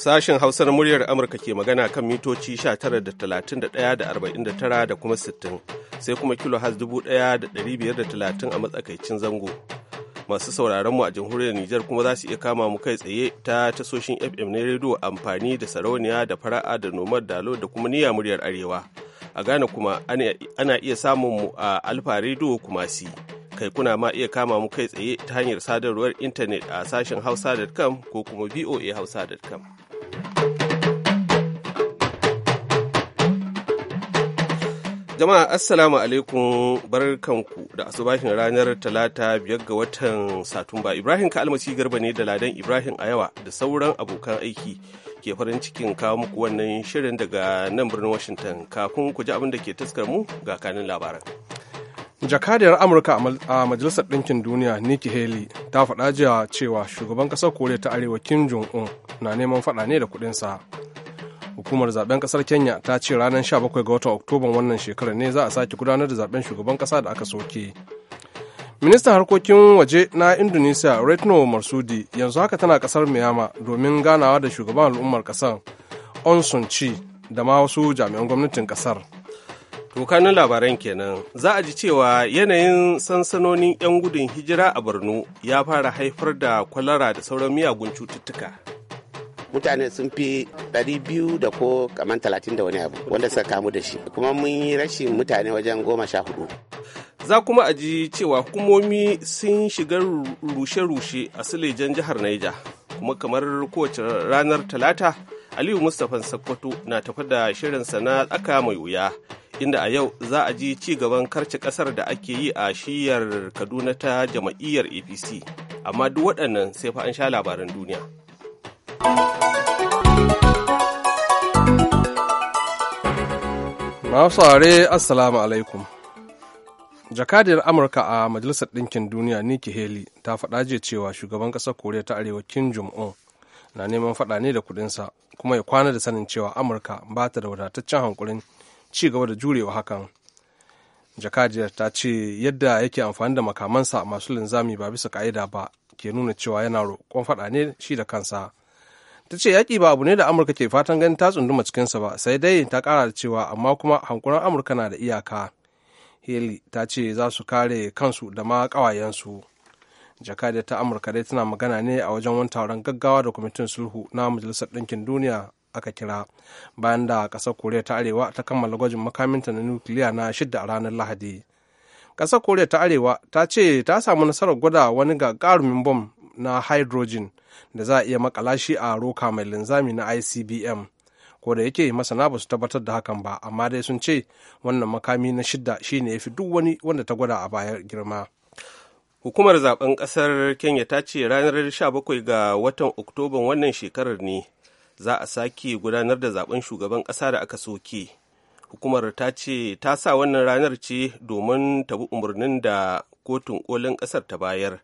Sashen Hausar muryar Amurka ke magana kan mitoci 19.31 da 49 da kuma 60 sai kuma kilo has 1530 a matsakaicin zango. Masu sauraron mu a jamhuriyar Nijar kuma za su iya kama mu kai tsaye ta tasoshin FM na rediyo amfani da sarauniya da fara'a da nomar dalo da kuma niyyar muryar arewa. A Ghana kuma ana iya samun mu a Alfa rediyo Kumasi. kai kuna ma iya kama mu kai tsaye ta hanyar sadarwar intanet a sashen hausa.com ko kuma voahausa.com. Jama'a Assalamu alaikum barkanku da asubahin ranar Talata biyar ga watan Satumba. Ibrahim ka Kalmasi Garba ne da Ladan Ibrahim a yawa da sauran abokan aiki ke farin cikin kawo muku wannan shirin daga nan birnin Washington kafin ku ji abin da ke taskar mu ga kanin labaran. Jakadiyar Amurka a Majalisar Ɗinkin Duniya Nikki Haley ta faɗa jiya cewa shugaban ƙasar Koriya ta Arewa Kim Jong-un na neman faɗa ne da kuɗinsa hukumar zaben ƙasar kenya ta ce ranar 17 ga watan oktoban wannan shekarar ne za a sake gudanar da zaben shugaban ƙasa da aka soke ministan harkokin waje na indonesia retno marsudi yanzu haka tana kasar miyama domin ganawa da shugaban al'ummar kasar onsun chi da ma wasu jami'an gwamnatin ƙasar. tokanin labaran kenan za a ji cewa yanayin sansanonin 'yan gudun hijira a borno ya fara haifar da kwalara da sauran miyagun cututtuka mutane sun fi ɗari biyu da ko kaman talatin da wani abu wanda suka kamu da shi kuma mun yi rashin mutane wajen goma sha hudu za kuma a ji cewa hukumomi sun shiga rushe-rushe a silejan jihar Naija kuma kamar kowace ranar talata aliyu mustapha sakkwato na tafi da shirinsa na tsaka mai wuya inda a yau za a ji ci gaban karce kasar da ake yi a shiyar kaduna ta jama'iyyar apc amma duk waɗannan sai fa an sha labaran duniya Masu Assalamu alaikum. Jakadiyar Amurka a Majalisar Ɗinkin Duniya Nikki Haley ta faɗa jiya cewa shugaban ƙasar Koriya ta Arewa Kim Jong-un na neman faɗa ne da kuɗinsa kuma ya kwana da sanin cewa Amurka ba ta da wadataccen hankulin ci gaba da jurewa hakan. Jakadiyar ta ce yadda yake amfani da makamansa masu linzami ba bisa ka'ida ba ke nuna cewa yana roƙon faɗa ne shi da kansa. ta ce yaƙi ba abu ne da amurka ke fatan ganin ta tsunduma cikinsa ba sai dai ta ƙara da cewa amma kuma hankulan amurka na da iyaka haley ta ce za su kare kansu da ma ƙawayensu jakadiyar ta amurka dai tana magana ne a wajen wani taron gaggawa da kwamitin sulhu na majalisar ɗinkin duniya aka kira bayan da ƙasar koriya ta arewa ta kammala gwajin makaminta na nukiliya na shidda a ranar lahadi ƙasar koriya ta arewa ta ce ta samu nasarar gwada wani gagarumin bom na hydrogen da za a iya makala shi a roka mai linzami na icbm ko da yake masana ba su tabbatar da hakan ba amma dai sun ce wannan makami na shidda shine ya fi duk wani wanda ta gwada a baya girma hukumar zaben kasar kenya ta ce ranar 17 ga watan oktoban wannan shekarar ne za a sake gudanar da zaben shugaban kasa da aka soke hukumar ta ce ta sa wannan ranar ce domin tabi umarnin da kotun kolin kasar ta bayar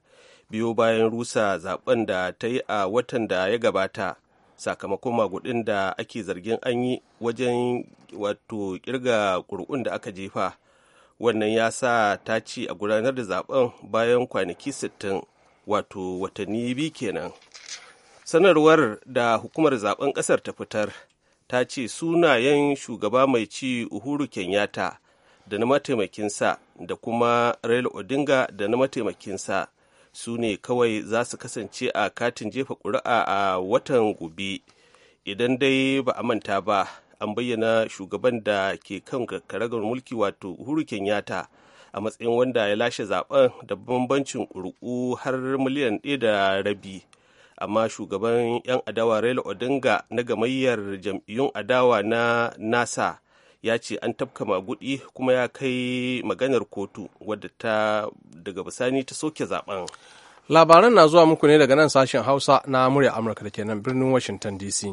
biyo bayan rusa zaben da ta yi a watan da ya gabata sakamakon magudin da ake zargin an yi wajen wato kirga ƙuri'un da aka jefa wannan ya sa ta ci a gudanar da zaben bayan kwanaki 60 wato watanni biyu kenan sanarwar da hukumar zaben kasar ta fitar ta ce sunayen shugaba mai ci uhuru kenyatta da na mataimakinsa da kuma raila odinga da na mataimakinsa su ne kawai za su kasance a katin jefa ƙuri'a a watan gobe idan dai ba a manta ba an bayyana shugaban da ke kan karagar mulki wato uhuru kenyatta a matsayin wanda ya lashe zaben da bambancin ƙuri'u har miliyan ɗaya da rabi amma shugaban 'yan adawa raila odinga na gamayyar jam'iyyun adawa na nasa ya ce an tafka magudi kuma ya kai maganar kotu wadda ta daga bisani ta soke zaben labaran na zuwa muku ne daga nan sashen hausa na murya amurka da kenan birnin washington dc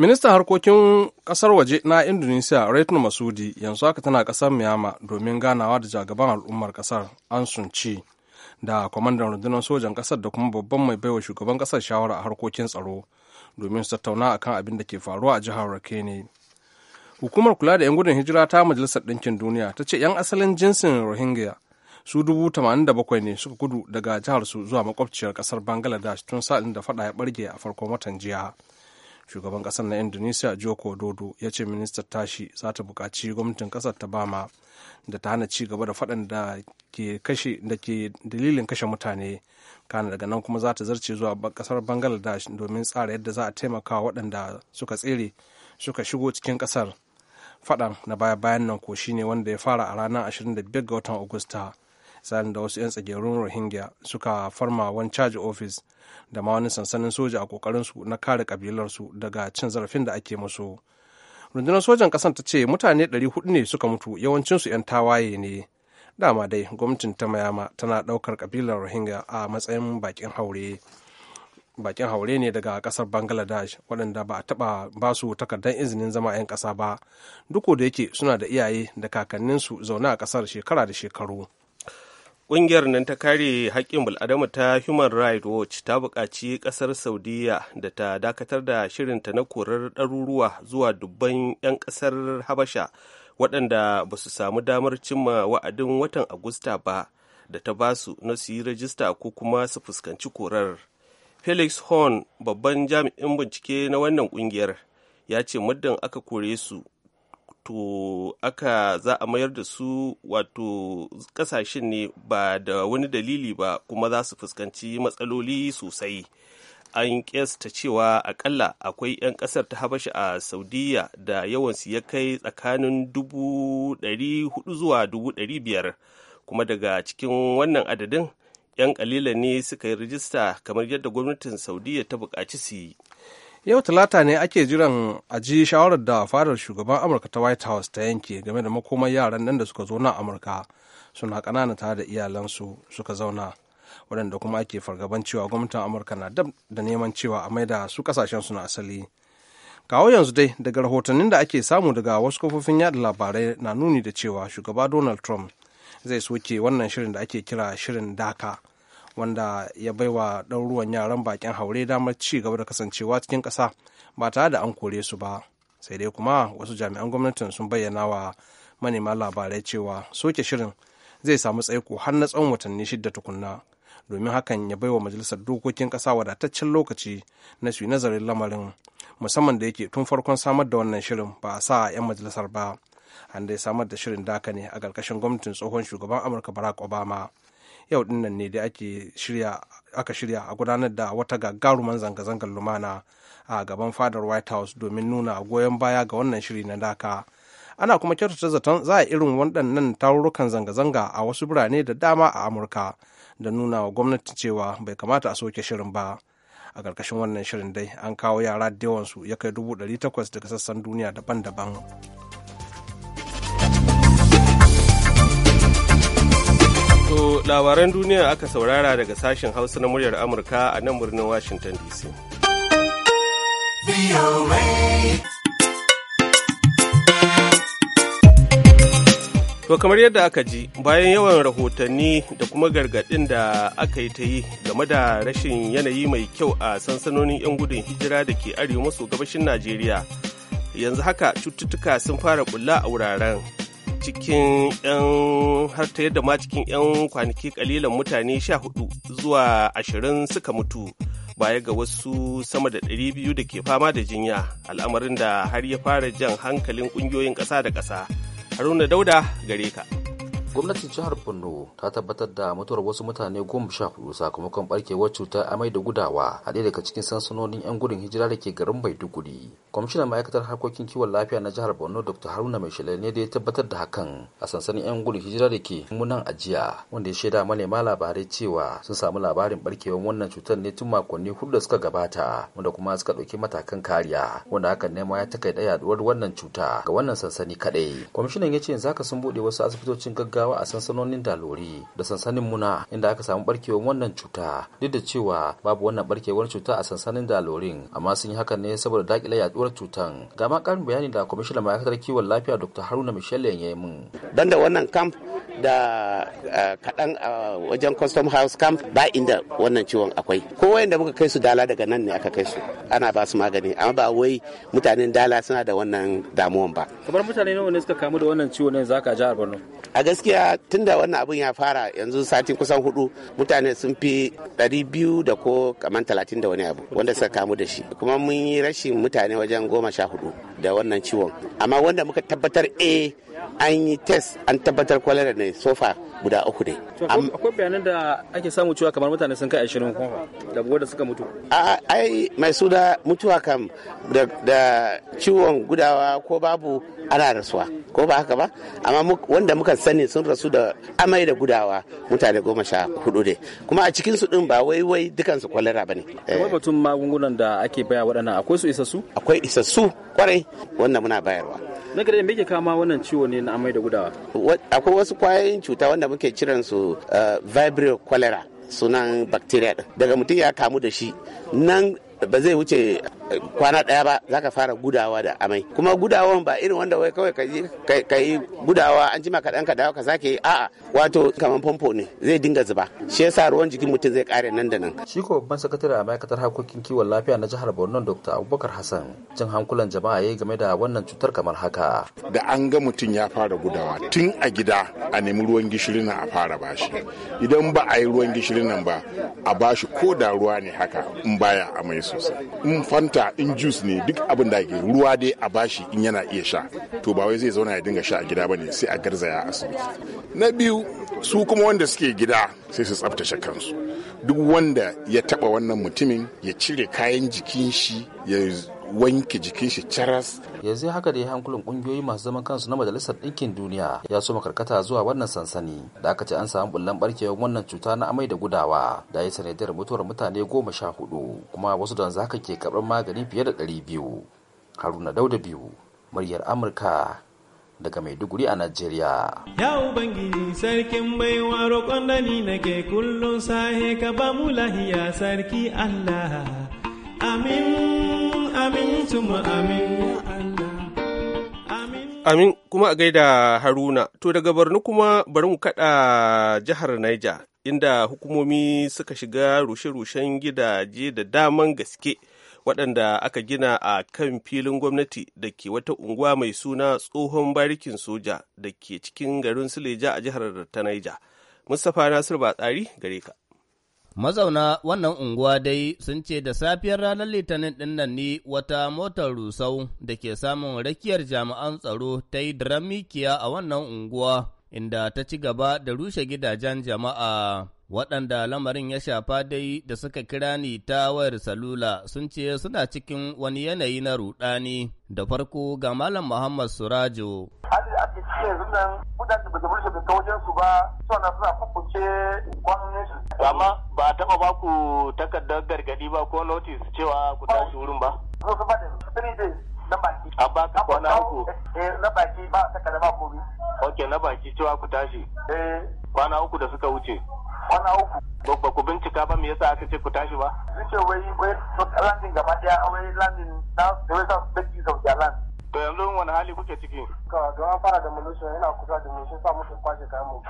ministan harkokin kasar waje na indonesia retno masudi yanzu haka tana kasar miyama domin ganawa da jagaban al'ummar kasar an sunci da kwamandan rundunar sojan kasar da kuma babban mai baiwa shugaban kasar shawara a harkokin tsaro domin su tattauna akan abin da ke faruwa a jihar rakene hukumar kula da 'yan gudun hijira ta majalisar ɗinkin duniya ta ce 'yan asalin jinsin rohingya su dubu tamanin da bakwai ne suka gudu daga jihar su zuwa makwabciyar kasar bangladesh tun sa'in da fada ya barge a farkon watan jiya shugaban kasar na indonesia joko dodo ya ce minista tashi za ta bukaci gwamnatin kasar ta bama da ta hana ci gaba da faɗan da ke dalilin kashe mutane kana daga nan kuma za ta zarce zuwa kasar bangladesh domin tsara yadda za a taimaka waɗanda suka tsere suka shigo cikin kasar faɗan na baya-bayan nan ko shine wanda ya fara a ranar 25 ga watan agusta sa'an da wasu 'yan tsagerun rohingya suka farma wani caji office da ma wani sansanin soja a su na kare kabilarsu daga cin zarafin da ake musu rundunar sojan kasan ta ce mutane 400 ne suka mutu yawancin su 'yan tawaye ne dama dai gwamnatin ta mayama tana daukar kabilar rohingya a matsayin bakin haure bakin haure ne daga kasar bangladesh waɗanda ba a taɓa ba su takardar izinin zama 'yan ƙasa ba duk da yake suna da iyaye da kakanninsu zaune a ƙasar shekara da shekaru Ƙungiyar nan ta kare haƙƙin bil'adama ta Human Rights Watch ta buƙaci ƙasar Saudiya da ta dakatar da shirinta na korar ɗaruruwa zuwa dubban 'yan ƙasar Habasha waɗanda ba su samu damar cimma wa'adin watan Agusta ba da ta ba su na su yi rajista ko kuma su fuskanci korar. Felix Horn babban jami'in bincike na wannan ƙungiyar ya ce muddin aka kore su to aka za a mayar da su wato kasashen ne ba da wani dalili ba kuma za su fuskanci matsaloli sosai an kesta cewa akalla akwai 'yan kasar ta habasha a saudiya da yawan su ya kai tsakanin 400 zuwa 500 kuma daga cikin wannan adadin 'yan kalila ne suka yi rijista kamar yadda gwamnatin saudiya ta bukaci su yi yau talata ne ake jiran a ji shawarar da fadar shugaban amurka ta white house ta yanke game da makomar yaran nan da suka zo na amurka suna kanana tare da iyalansu suka zauna waɗanda kuma ake fargaban cewa gwamnatin amurka na dab da neman cewa a maida su kasashen su na asali kawo yanzu dai daga rahotannin da ake samu daga wasu kafofin yada labarai na nuni da cewa shugaba donald trump zai soke wannan shirin da ake kira shirin daka wanda ya bai baiwa ɗauruwan yaran bakin haure damar ci gaba da kasancewa cikin ƙasa ba tare da an kore su ba sai dai kuma wasu jami'an gwamnatin sun bayyana wa manema labarai cewa soke shirin zai samu tsaiko har na tsawon watanni shidda tukunna domin hakan ya bai wa majalisar dokokin ƙasa wadataccen lokaci na su nazarin lamarin musamman da yake tun farkon samar da wannan shirin ba a sa 'yan majalisar ba an dai samar da shirin daka ne a ƙarƙashin gwamnatin tsohon shugaban amurka barack obama yau dinnan ne da ake shirya aka shirya a gudanar da wata gagaruman zanga-zangar lumana a gaban fadar white house domin nuna goyon baya ga wannan shiri na daka ana kuma kyautata zaton za a irin waɗannan tarurrukan zanga-zanga a wasu birane da dama a amurka da nuna wa gwamnati cewa bai kamata a soke shirin ba a ƙarƙashin wannan shirin dai an kawo yara da yawansu ya kai dubu ɗari takwas daga sassan duniya daban-daban labaran duniya aka saurara daga sashen Hausa na muryar Amurka a nan birnin Washington DC. To kamar yadda aka ji bayan yawan rahotanni da kuma gargaɗin da aka yi ta yi game da rashin yanayi mai kyau a sansanonin 'yan gudun hijira da ke arewa maso gabashin Najeriya yanzu haka cututtuka sun fara bulla a wuraren. cikin 'yan har ta yadda ma cikin 'yan kwanaki kalilan mutane sha 14 zuwa ashirin suka mutu baya ga wasu sama da biyu da ke fama da jinya al'amarin da har ya fara jan hankalin ƙungiyoyin ƙasa da ƙasa haruna dauda gare ka. gwamnatin jihar borno ta tabbatar da mutuwar wasu mutane goma sha hudu sakamakon barkewar cutar amai da gudawa a ɗaya daga cikin sansanonin yan gudun hijira da ke garin maiduguri kwamishinan ma'aikatar harkokin kiwon lafiya na jihar borno dr haruna mai ne da ya tabbatar da hakan a sansanin yan gudun hijira da ke munan ajiya wanda ya shaida ma labarai cewa sun samu labarin barkewar wannan cutar ne tun makonni hudu da suka gabata wanda kuma suka ɗauki matakan kariya wanda hakan ne ma ya takaita yaduwar wannan cuta ga wannan sansani kaɗai kwamishinan ya ce yanzu haka sun buɗe wasu asibitocin gaggawa gaggawa a sansanonin dalori da sansanin muna inda aka samu barkewar wannan cuta duk da cewa babu wannan barkewar cuta a sansanin dalorin amma sun yi hakan ne saboda dakile yaduwar cutan ga ma karin bayani da kwamishinan ma'aikatar kiwon lafiya dr haruna michelle ya yi min da wannan camp da eh, kaɗan a eh, wajen custom house camp ba inda wannan ciwon akwai ko wayanda muka kai su dala daga nan ne aka kai su ana ba su magani amma ba wai mutanen dala suna da wannan damuwan ba kamar mutane nawa ne suka kamu da wannan ciwon ne zaka ji a Borno a gaskiya gaskiya tunda wannan abin ya fara yanzu sati kusan hudu mutane sun fi ɗari biyu da ko kaman talatin da wani abu wanda suka kamu da shi kuma mun yi rashin mutane wajen goma sha hudu da wannan ciwon amma wanda muka tabbatar eh an yi test an tabbatar kwalera ne sofa guda uku ne. Akwai bayanan da ake samu cewa kamar mutane sun kai ashirin kuma da wanda suka mutu. Ai mai suna mutuwa kam da ciwon gudawa ko babu ana rasuwa ko ba haka ba amma wanda muka sani sun rasu da amai da gudawa mutane goma sha hudu ne kuma a cikin su din ba wai wai dukansu kwalara ba ne. Eh. Kamar batun magungunan da ake baya waɗannan akwai su isassu? Akwai isassu kwarai wannan muna bayarwa. na gare me ke kama wannan ciwo ne na amai da gudawa akwai wasu kwayoyin cuta wanda muke kiran su eh, vibrio cholera sunan bacteria daga mutum ya kamu da shi nan ba zai wuce eh, kwana daya ba za ka fara gudawa da amai kuma gudawan ba irin wanda wai kawai ka yi gudawa an jima kaɗan ka dawo ka sake yi a'a wato kamar famfo ne zai dinga zuba shi yasa ruwan jikin mutum zai kare nan da nan. shi ko babban sakatare a ma'aikatar harkokin kiwon lafiya na jihar borno dr abubakar hassan jin hankulan jama'a ya yi game da wannan cutar kamar haka. da an ga mutum ya fara gudawa tun a gida a nemi ruwan gishiri a fara bashi idan ba a yi ruwan gishiri nan ba a bashi ko da ruwa ne haka in baya amai sosai in fanta in juice ne duk abin da ake ruwa dai a bashi in yana iya sha to ba wai zai zauna ya dinga sha a gida bane sai a garzaya a asibiti na biyu su kuma wanda suke gida sai su tsaftace kansu duk wanda ya taba wannan mutumin ya cire kayan jikin shi ya wanke jikin shi caras. Yanzu haka dai hankulan kungiyoyi masu zaman kansu na Majalisar Ɗinkin Duniya ya so makarkata zuwa wannan sansani da aka ce an samu bullan barkewar wannan cuta na amai da gudawa da ya sanadiyar mutuwar mutane goma sha hudu kuma wasu don zaka ke karɓar magani fiye da ɗari biyu. Haruna Dauda biyu, muryar Amurka daga Maiduguri a Najeriya. Ya Ubangiji sarkin baiwa roƙon da nake kullum sahe ka ba mu lahiya sarki Allah. Amin. amin kuma a gaida Haruna, to daga Borno kuma bari mu kaɗa jihar Niger, inda hukumomi suka shiga rushe-rushen gidaje da daman gaske waɗanda aka gina a kan filin gwamnati da ke wata unguwa mai suna tsohon barikin soja da ke cikin garin Suleja a jihar ta Niger. Mustapha Nasir Batsari gare ka. Mazauna wannan unguwa dai sun ce da safiyar ranar Litinin ɗin nan ne wata motar rusau da ke samun rakiyar jami'an tsaro ta yi mikiya a wannan unguwa. inda ta ci gaba da rushe gidajen jama'a. Waɗanda lamarin ya shafa dai da suka kira ni ta wayar salula sun ce suna cikin wani yanayi na rudani da farko ga Malam Muhammad Surajo. Hali ake ci yanzu nan kudin da bai bata ta wajen su ba suna suna kukuce kwanan su. Amma ba a taɓa ba ku takardar gargadi ba ko notice cewa ku tashi wurin ba. Zo su ba da a ba ka kwana uku eh, eh, na baki ba ta kada ba komi ok na baki cewa ku tashi eh. kwana uku da suka wuce kwana uku ba ku bincika ba me yasa aka ce ku tashi ba sun ce wai wai landin gaba daya wai landin na da wai sa da ki da land to yanzu wani hali kuke ciki ka ga an fara da militia yana kusa da mu shi sa muke kwashe kayan mu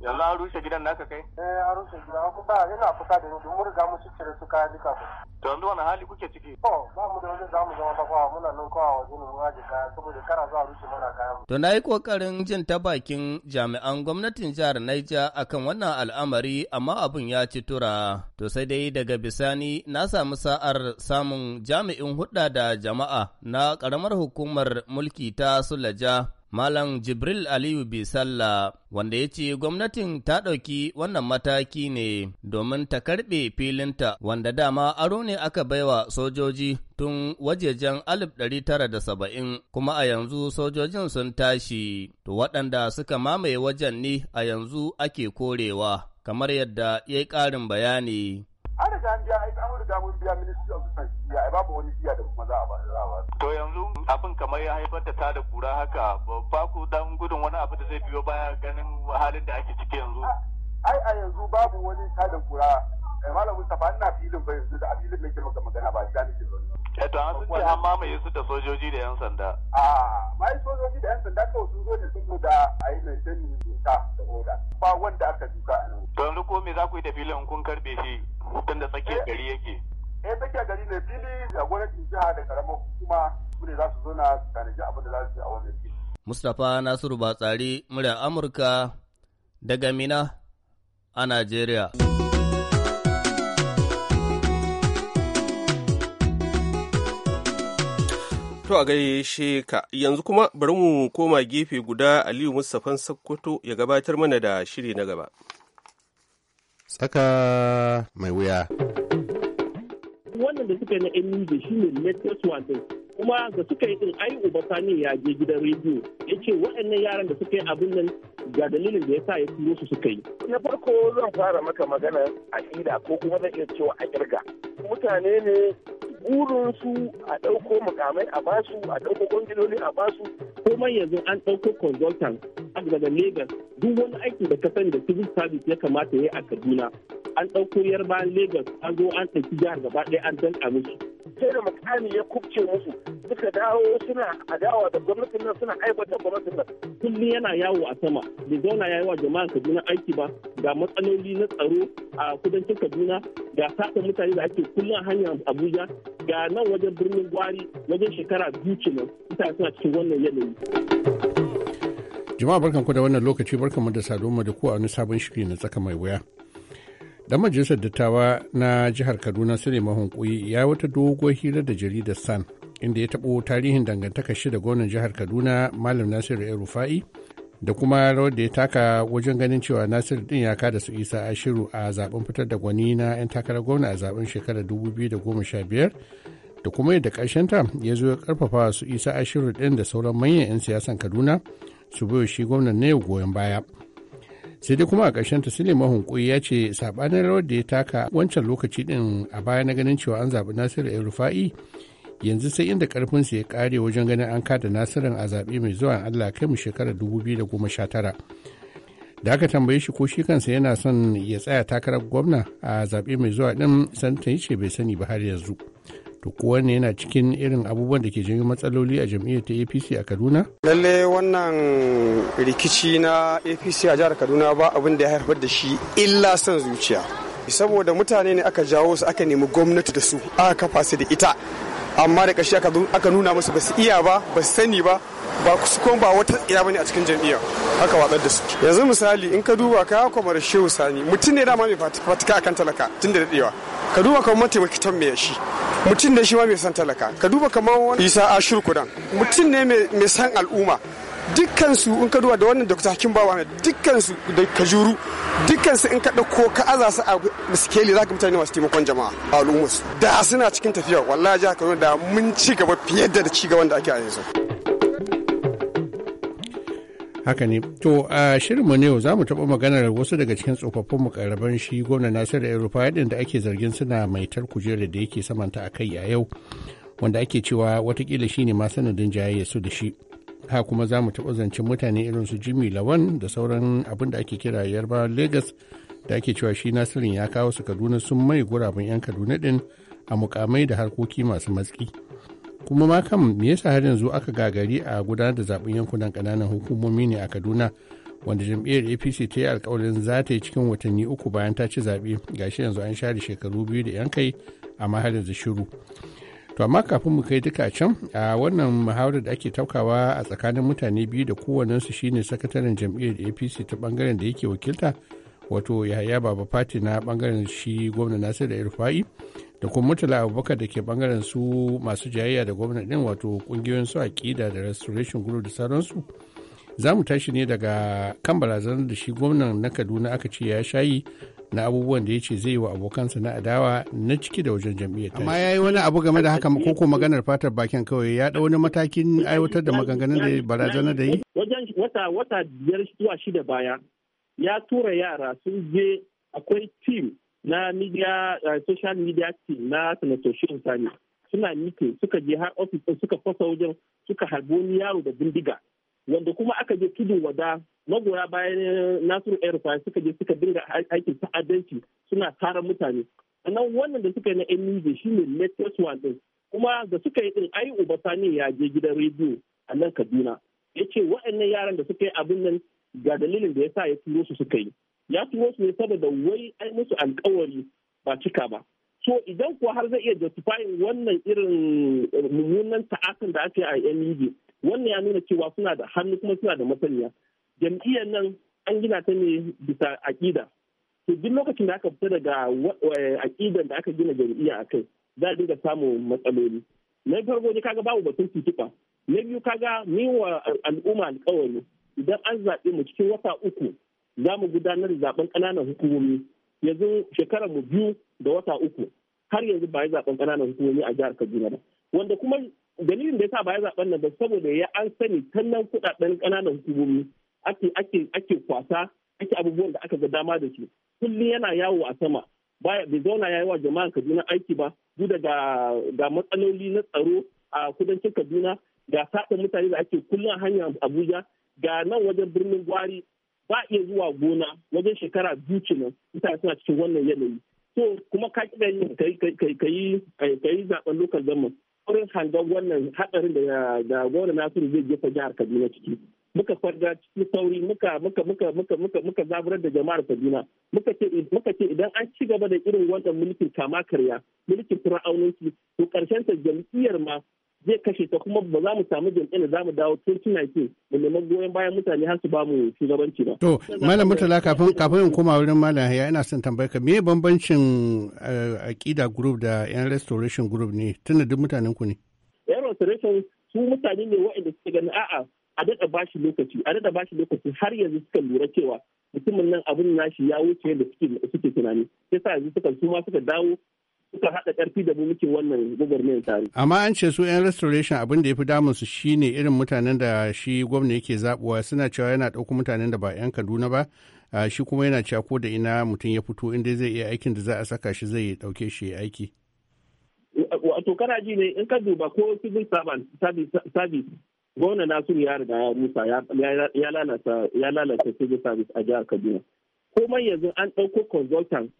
yanzu an rushe gidan naka kai eh an rushe gidan an kusa yana kusa da ni mun riga mun ciccire su kaya duka ba to yanzu wani hali kuke ciki to ba mu da wani mu zama ba kwa muna nan kwa wajen mu waje kaya saboda kara za a rushe mana kaya to yi kokarin jin ta bakin jami'an gwamnatin jihar Niger akan wannan al'amari amma abun ya ci tura to sai dai daga bisani na samu sa'ar samun jami'in hudda da jama'a na karamar hukumar mulki ta Sulaja Malam Jibril Aliyu Bisalla wanda ya ce gwamnatin ta ɗauki wannan mataki ne domin ta karɓe filinta wanda dama aro ne aka baiwa sojoji tun wajejen 1970 kuma a yanzu sojojin sun tashi to waɗanda suka mamaye wajen ne a yanzu ake korewa kamar yadda ya yi ƙarin bayani. an riga an biya ai an riga mun biya ministry of defense ya ai babu wani biya da kuma za a ba to yanzu abin kamar ya haifar da tada kura haka ba ku dan gudun wani abu da zai biyo baya ganin halin da ake ciki yanzu ai a yanzu babu wani tada kura eh, malam Mustapha ina filin ba yanzu da a filin nake maka magana ba shi nake zaune Eto eh, sun ce an mamaye su da sojoji da 'yan sanda. A ah, bai sojoji da 'yan sanda kawai sun zo ne da a yi mai sani doka da oda. Ba wanda aka duka a nan. To yanzu ko me za ku yi da filin kun karbe shi tun da tsakiyar eh. gari yake? Eh tsakiyar gari ne fili da gwamnatin jiha da karamar hukuma su ne za su zo na tanaji abin da za su yi a wannan fili. Mustapha Nasiru Batsari, murya Amurka daga Mina a Najeriya. To a gaishe ka yanzu kuma bari mu koma gefe guda Aliyu Mustapha Sakkwato ya gabatar mana da shiri na gaba. Tsaka mai wuya. Wannan da suka yi na da shi ne latest one kuma da suka yi din ai uba sani ya je gidan rediyo ya ce waɗannan yaran da suka yi abin nan ga dalilin da ya sa ya turo su suka yi. na farko zan fara maka magana a ida ko kuma zan iya cewa a kirga mutane ne burinsu a ɗauko mukamai a basu a ɗauko kwangiloli a basu. komai yanzu an ɗauko consultant daga lagos duk wani aiki da ka sani da civil service ya kamata ya yi a kaduna an ɗauko yarban lagos an zo an ɗauki jihar gaba ɗaya an danƙa musu sai da mukami ya kubce musu suka dawo suna adawa da gwamnatin nan suna aibata gwamnatin nan kulli yana yawo a sama bai zauna ya yi wa jama'a kaduna aiki ba ga matsaloli na tsaro a kudancin kaduna ga sata mutane da ake kullum hanyar abuja ga nan wajen birnin gwari wajen shekara biyu nan mutane suna cikin wannan yanayi jama'a barkan ku da wannan lokaci barkan mu da saduwa da ku a wani sabon shiri na tsaka mai wuya Dan majalisar dattawa na jihar Kaduna Suleiman Hunkuyi ya wata doguwar hira da jaridar San inda ya taɓo tarihin dangantaka shi da gwamnan jihar Kaduna Malam Nasiru El Rufa'i da kuma rawar da ya taka wajen ganin cewa Nasiru din ya kada su Isa shiru a zaben fitar da gwani na 'yan takarar gwamna a zaben shekarar 2015 da goma sha biyar da kuma yadda ta ya zo ya karfafa su Isa shiru din da sauran manyan 'yan siyasan Kaduna su bayo shi gwamnan ne goyon baya. sai dai kuma a ƙarshen ta sule mahunkuri ya ce sabanin rawar da ya taka wancan lokaci din a baya na ganin cewa an zaɓi nasiru el rufa'i yanzu sai inda karfinsa ya ƙare wajen ganin an kada nasirin a zaɓe mai zuwa allah kai mu shekarar 2019 da aka tambaye shi ko shi kansa yana son ya tsaya takarar gwamna a zaɓe mai zuwa ɗin yi ce bai sani ba har yanzu to ko wanne yana cikin irin abubuwan da ke janyo matsaloli a jam'iyyar ta apc a kaduna lalle wannan rikici na apc a jihar kaduna ba abin da ya haifar da shi illa son zuciya saboda mutane ne aka jawo su aka nemi gwamnati da su aka kafa su da ita amma da ƙarshe aka nuna musu ba su iya ba ba su sani ba ba su kuma ba wata ina bane a cikin jam'iyya aka watsar da su yanzu misali in ka duba ka kwamar shehu sani mutum ne dama mai fatika akan talaka tun da daɗewa ka duba kamar mataimakitan mai yashi mutum ne shi ma mai san talaka ka duba kamar isa ashirku kudan mutum ne mai san al'umma dukkansu in ka duba da wannan dokta hakim bawa dukkansu da kajuru dukkansu in ka ɗauko ka aza a miskeli za ka mutane masu taimakon jama'a a al'ummarsu da suna cikin tafiya wallahi ja kaduna da mun ci gaba fiye da ci gaban da ake a yanzu. haka ne to a shirin mu ne za mu taɓa maganar wasu daga cikin tsofaffin mukarraban shi gwamna nasiru erufa yadda da ake zargin suna maitar kujerar da yake samanta a kai a yau wanda ake cewa watakila shine ma sanadin jayayya su da shi ha kuma za mu taɓa zancen mutane irin su jimmy lawan da sauran abin da ake kira yarba lagos da ake cewa shi nasirin ya kawo su kaduna sun mai gurabin 'yan kaduna din a mukamai da harkoki masu matsi kuma ma kan me yasa har yanzu aka gagari a gudanar da zaben yankunan ƙananan hukumomi ne a kaduna wanda jam'iyyar apc ta yi alkawarin za ta yi cikin watanni uku bayan ta ci zaɓe gashi yanzu an share shekaru biyu da 'yan kai amma har yanzu shiru to amma kafin mu kai duka can a wannan muhawarar da ake taukawa a tsakanin mutane biyu da kowanensu shine sakataren jam'iyyar apc ta bangaren da yake wakilta wato yahaya baba fati na bangaren shi gwamna nasir da irfa'i da kuma mutala abubakar da ke bangaren su masu jayayya da gwamna din wato kungiyoyin su aƙida da restoration group da sauransu za mu tashi ne daga kan barazanar da shi gwamnan na kaduna aka ce ya shayi na abubuwan da ya ce zai yi wa abokansa na adawa na ciki da wajen jam'iyyar amma ya yi wani abu game da haka koko maganar fatar bakin kawai ya ɗau wani matakin aiwatar da maganganun da barazana da yi wajen wata wata biyar zuwa shida baya ya tura yara sun je akwai team na media eh, social media team na senator shi suna mike suka je har ofis suka fasa wajen suka harbi wani yaro da bindiga wanda kuma aka je tudu wada magoya bayan nasiru air suka je suka dinga aikin ta'addanci suna tara mutane sannan wannan da suka yi na yan shi ne latest one din kuma da suka yi din ai sani ya je gidan rediyo a nan kaduna ya ce waɗannan yaran da suka yi abin nan ga dalilin da ya sa ya turo su suka yi ya turo su ne saboda wai ai musu alkawari ba cika ba so idan kuwa har zai iya justifying wannan irin eh, mummunan ta'akan da ake a MED wannan ya nuna cewa suna da hannu kuma suna da masaniya jam'iyyar nan an gina ta ne bisa aƙida to duk lokacin da aka fita daga aƙidan da aka gina jam'iyya a kai za a dinga samun matsaloli na farko ne kaga babu batun tuntuɓa na biyu kaga min wa al'umma alƙawari idan an zaɓe mu cikin wata uku za mu gudanar da ƙananan hukumomi yanzu shekarar mu biyu da wata uku har yanzu ba yi ƙananan hukumomi a jihar kaduna ba wanda kuma dalilin da ya sa ba ya zaɓen nan ba saboda ya an sani tallan kuɗaɗen ƙananan hukumomi ake ake ake kwasa ake abubuwan da aka ga dama da su kullum yana yawo a sama baya bai zauna ya yi wa jama'an Kaduna aiki ba duk da ga matsaloli na tsaro a kudancin Kaduna ga sata mutane da ake kullum hanya Abuja ga nan wajen birnin Gwari ba iya zuwa gona wajen shekara biyu nan mutane suna cikin wannan yanayi so kuma ka kiɗa yi kai kai kai kai zaben wurin hangen wannan hatsarin da gona nasiru zai jefa jihar kaduna ciki muka farga cikin sauri muka muka muka muka muka muka zaburar da jama'ar kaduna muka ce muka ce idan an ci gaba da irin wannan mulkin kama karya mulkin fir'aunanci to karshen sa jam'iyyar ma zai kashe ta kuma ba za mu samu da za mu dawo 2019 mu neman goyon bayan mutane har su ba mu shugabanci ba. To, Malam Murtala kafin kafin in koma wurin Malam Haya ina son tambayar ka me bambancin eh, aƙida group da yan restoration group ne tunda duk mutanen ku ne. Yan restoration su mutane ne waɗanda suke ganin a'a a daɗa shi lokaci a daɗa shi lokaci har yanzu suka lura cewa mutumin nan abin nashi ya wuce yadda suke tunani sai sa yanzu suka su suka dawo suka haɗa ƙarfi da mu wannan wannan gwagwarmayar tare. Amma an ce su 'yan restoration abin da ya fi damun su shine irin mutanen da shi gwamna yake zabuwa suna cewa yana ɗauko mutanen da ba 'yan Kaduna ba shi kuma yana cewa ko da ina mutum ya fito inda zai iya aikin da za a saka shi zai ɗauke shi ya aiki. Wato kana ji ne in ka duba ko civil service gwamna Nasiru ya riga ya rusa ya lalata ya lalata civil service a jihar Kaduna. ko Komai yanzu an ɗauko consultant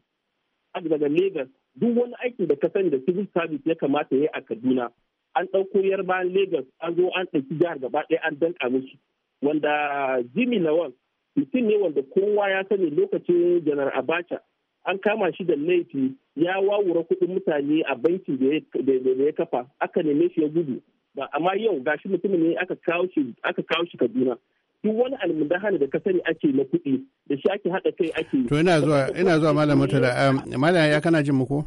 daga Lagos duk wani aikin da ka sani da civil service ya kamata ya yi a kaduna an ɗauko yarbayan lagos an zo an ɗauki jihar gaba ɗaya an danka musu wanda jimmy lawan mutum ne wanda kowa ya sani lokacin janar abacha an kama shi da laifi ya wawura kuɗin mutane a bankin da ya kafa aka neme shi ya gudu ba amma yau gashi mutumin ne aka kawo shi kaduna duk wani almudahana da ka sani ake na kuɗi da shi ake haɗa kai ake to ina zuwa ina zuwa malam mutala um, malam ya kana jin mu ko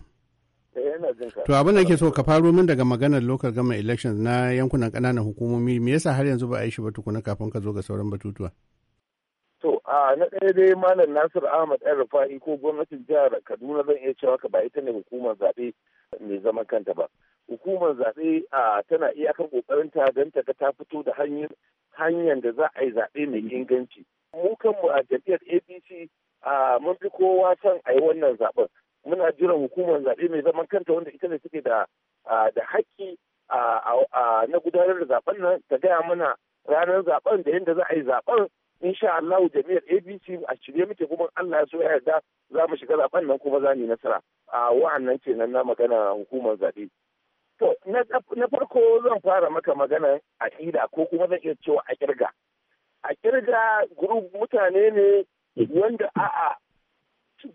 eh, to abin da ke so ka faro min daga maganar local government elections na yankunan kananan hukumomi me yasa har yanzu ba a yi shi ba tukuna kafin ka zo ga sauran batutuwa to a na ɗaya dai malam nasir ahmad ɗan rufa'i ko gwamnatin jihar kaduna zan iya cewa ka ba ita ne hukumar zaɓe mai zaman kanta ba hukumar zaɓe tana iyakar ƙoƙarinta don ta ta fito da hanyar hanyar da za a yi zaɓe mai mhm. inganci. Mu kanmu a jam'iyyar APC mun fi kowa son a yi wannan zaɓen. Muna jiran hukumar zaɓe mai zaman kanta wanda ita ne suke da da haƙƙi na gudanar da zaɓen nan ta gaya mana ranar zaɓen da yadda za a yi zaɓen insha Allahu jami'ar ABC a shirye muke kuma Allah ya so ya yarda za mu shiga zaɓen nan kuma za mu yi nasara a wa'annan kenan na magana hukumar zaɓe To, na farko zan fara maka magana a ƙida ko kuma zan iya cewa a ƙirga. A ƙirga gurub mutane ne wanda a'a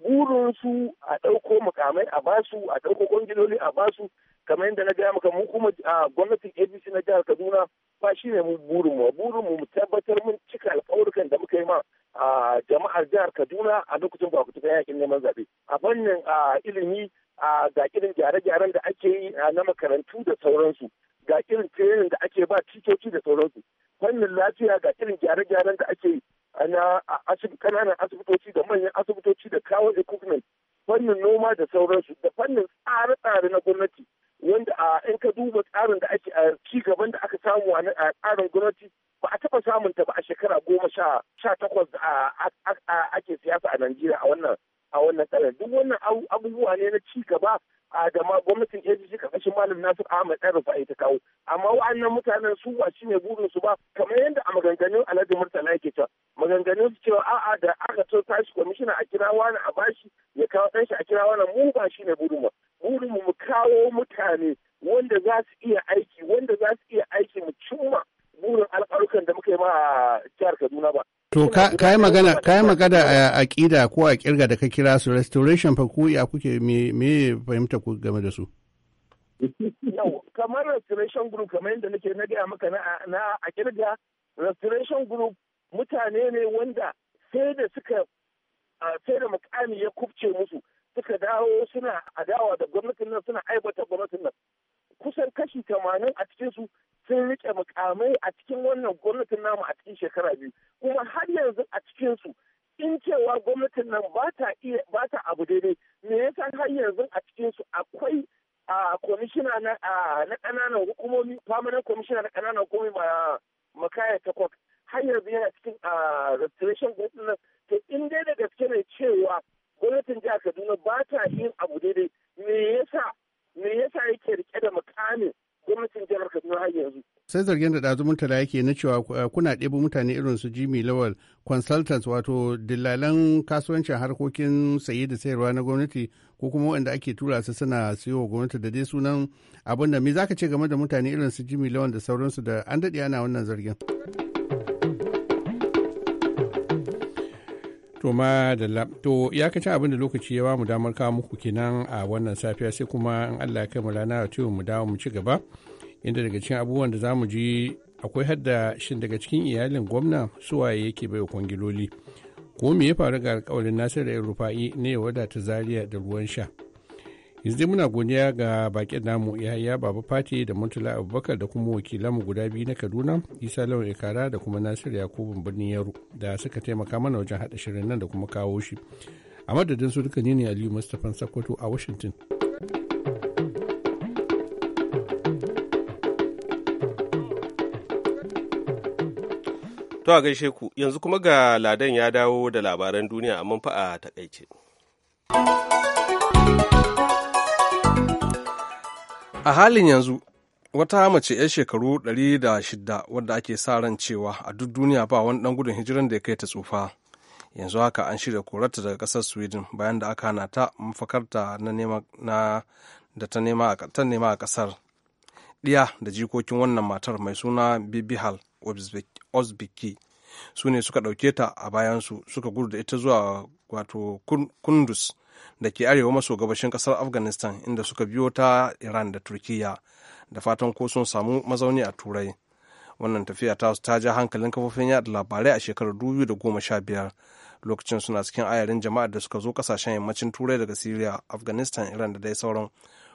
burinsu a ɗauko mukamai a basu a ɗauko ƙungiyoyi a basu kamar yadda na gaya maka mu kuma a gwamnatin abc na jihar kaduna ba shi ne burin mu burin mu tabbatar mun cika alƙawurkan da muka yi ma a jama'ar jihar kaduna a lokacin ba yakin neman zaɓe a fannin ilimi a ga irin gyare-gyaren da ake yi na makarantu da sauransu ga irin training da ake ba titoci da sauransu fannin lafiya ga irin gyare-gyaren da ake yi na kananan asibitoci da manyan asibitoci da kawo equipment fannin noma da sauransu da fannin tsare-tsare na gwamnati wanda a in ka duba tsarin da ake a ci gaban da aka samu a tsarin gwamnati ba a taɓa samunta ba a shekara goma sha takwas da ake siyasa a Najeriya a wannan a wannan tsarin duk wannan abubuwa ne na ci gaba a da ma gwamnatin APC karkashin malam Nasir mai ɗan Rufai ta kawo amma wa'annan mutanen su ba ne burin su ba kamar yadda a maganganun Alhaji Murtala yake ta maganganun su cewa a'a da aka so tashi kwamishina a kira wani a bashi ya kawo ɗanshi a kira wani mu ba shi ne burin mu burin mu kawo mutane wanda za su iya aiki wanda za su iya aiki mu cimma burin alƙarukan da muka yi ma jihar Kaduna ba To ka yi magana ka yi magana a aƙida ko a ƙirga da ka kira su restoration fa ku ya kuke me me fahimta ku game da su? Yau kamar restoration group kamar yadda nake na gaya maka na a ƙirga, restoration group mutane ne wanda sai da suka sai da mukami ya kubce musu suka dawo suna adawa da gwamnatin nan suna aibata gwamnatin nan kusan kashi tamanin a cikin su sun rike mukamai a cikin wannan gwamnatin namu a cikin shekara biyu kuma har yanzu a cikinsu in cewa gwamnatin nan ba ta iya ba ta abu daidai me yasa har yanzu a cikinsu akwai a kwamishina na ƙananan hukumomi famanin kwamishina na ƙananan hukumomi ma makaya takwas har yanzu yana cikin restoration group nan to in dai da gaske ne cewa gwamnatin jihar Kaduna ba ta yin abu daidai me yasa me yasa yake rike da mukamin gwamnatin jihar Kaduna har yanzu sai zargin da ɗazumuntala murtala yake na cewa eh, kuna ɗebo mutane irin su jimmy lawal consultants wato dillalan kasuwancin harkokin saye da sayarwa na gwamnati ko kuma waɗanda ake tura su suna siyo gwamnati da dai sunan abin da me zaka ce game da mutane irin su jimmy lawal da sauransu da an daɗe ana wannan zargin. To ma da lab to abin da lokaci ya bamu damar kawo muku kenan a wannan safiya sai kuma in Allah ya kai mu rana a mu dawo mu ci gaba. inda daga cikin abubuwan da za mu ji akwai hadda shin daga cikin iyalin gwamna suwaye yake bai kwangiloli ko me ya faru ga alƙawarin nasiru 'Yarufa'i rufa'i ne ya wadata zaria da ruwan sha yanzu muna godiya ga bakin namu yaya baba fati da murtala abubakar da kuma wakilanmu guda biyu na kaduna isa lawan ikara da kuma nasiru yakubu birnin yaro da suka taimaka mana wajen haɗa shirin nan da kuma kawo shi a madadin su duka ne aliyu mustapha Sakkwato a washington To a gaishe ku yanzu kuma ga Ladan ya dawo da labaran duniya a fa a takaice. A halin yanzu wata mace 'yar shekaru 106 wadda ake sa ran cewa a duk duniya ba wani dan gudun hijiran da ya kai ta tsufa. Yanzu haka an shirya korarta daga kasar Sweden bayan da aka hana ta mafakarta na na da ta nema a ƙasar. ɗiya da jikokin wannan matar mai suna Bibihal osbiki su ne suka ɗauke ta a bayansu suka gudu da ita zuwa wato kundus da ke arewa maso gabashin ƙasar afghanistan inda suka biyo ta iran da turkiyya da fatan ko sun samu mazauni a turai wannan tafiya ta ta ja hankalin kafofin yada labarai a shekarar da goma sha biyar lokacin suna cikin ayarin jama'ar da suka zo kasashen yammacin turai daga siriya afghanistan iran da dai sauran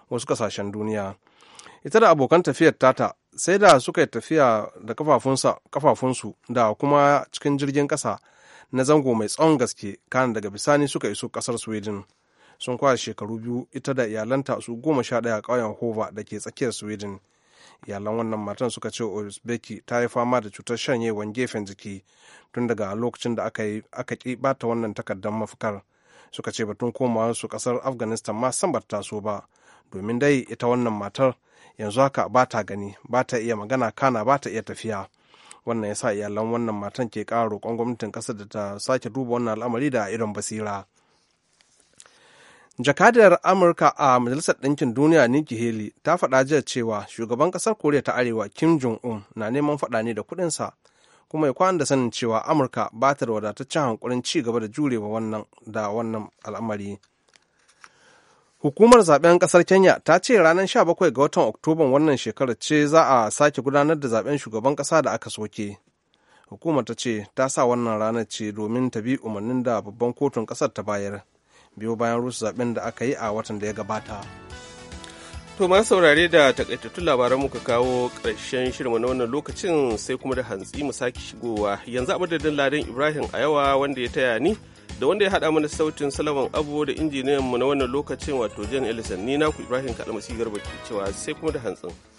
wasu kasashen duniya ita da abokan tafiyar tata sai da suka yi tafiya da kafafunsu da kuma cikin jirgin ƙasa na zango mai tsawon gaske kan daga bisani suka iso ƙasar sweden sun kwashe shekaru biyu ita da iyalanta su goma sha ɗaya ƙauyen hova da ke tsakiyar sweden iyalan wannan matan suka ce uzbeki ta yi fama da cutar shanyewan gefen jiki tun daga lokacin da aka ƙi bata wannan takardar mafukar suka ce batun komawa su ƙasar afghanistan ma san bata taso ba domin dai ita wannan matar yanzu haka ba ta gani ba ta iya magana kana ba ta iya tafiya wannan ya sa iyalan wannan matan ke ƙara roƙon gwamnatin ƙasar da ta sake duba wannan al'amari da irin basira jakadiyar amurka a majalisar ɗinkin duniya nikki haley ta faɗa jiya cewa shugaban ƙasar koriya ta arewa kim jong un na neman faɗa ne da kuɗinsa kuma ya kwana da sanin cewa amurka ba ta da wadataccen hankulin ci gaba da jurewa wannan da wannan al'amari Hukumar zaben kasar Kenya ta ce ranar 17 ga watan Oktoban wannan shekarar ce za a sake gudanar da zaben shugaban kasa da aka soke. Hukumar ta ce ta sa wannan ranar ce domin ta bi umarnin da babban kotun kasar ta bayar. Biyo bayan rusa zaben da aka yi a watan da ya gabata. To ma saurare da takaitattun labaran muka kawo ƙarshen shirin na wannan lokacin sai kuma da hantsi mu sake shigowa yanzu a madadin ladan Ibrahim a yawa wanda ya taya ni. da wanda ya haɗa mana sautin salaman abu da injiniyan mu na wannan lokacin wato jan ellison ni ku ibrahim kalmasi garba ke cewa sai kuma da hantsin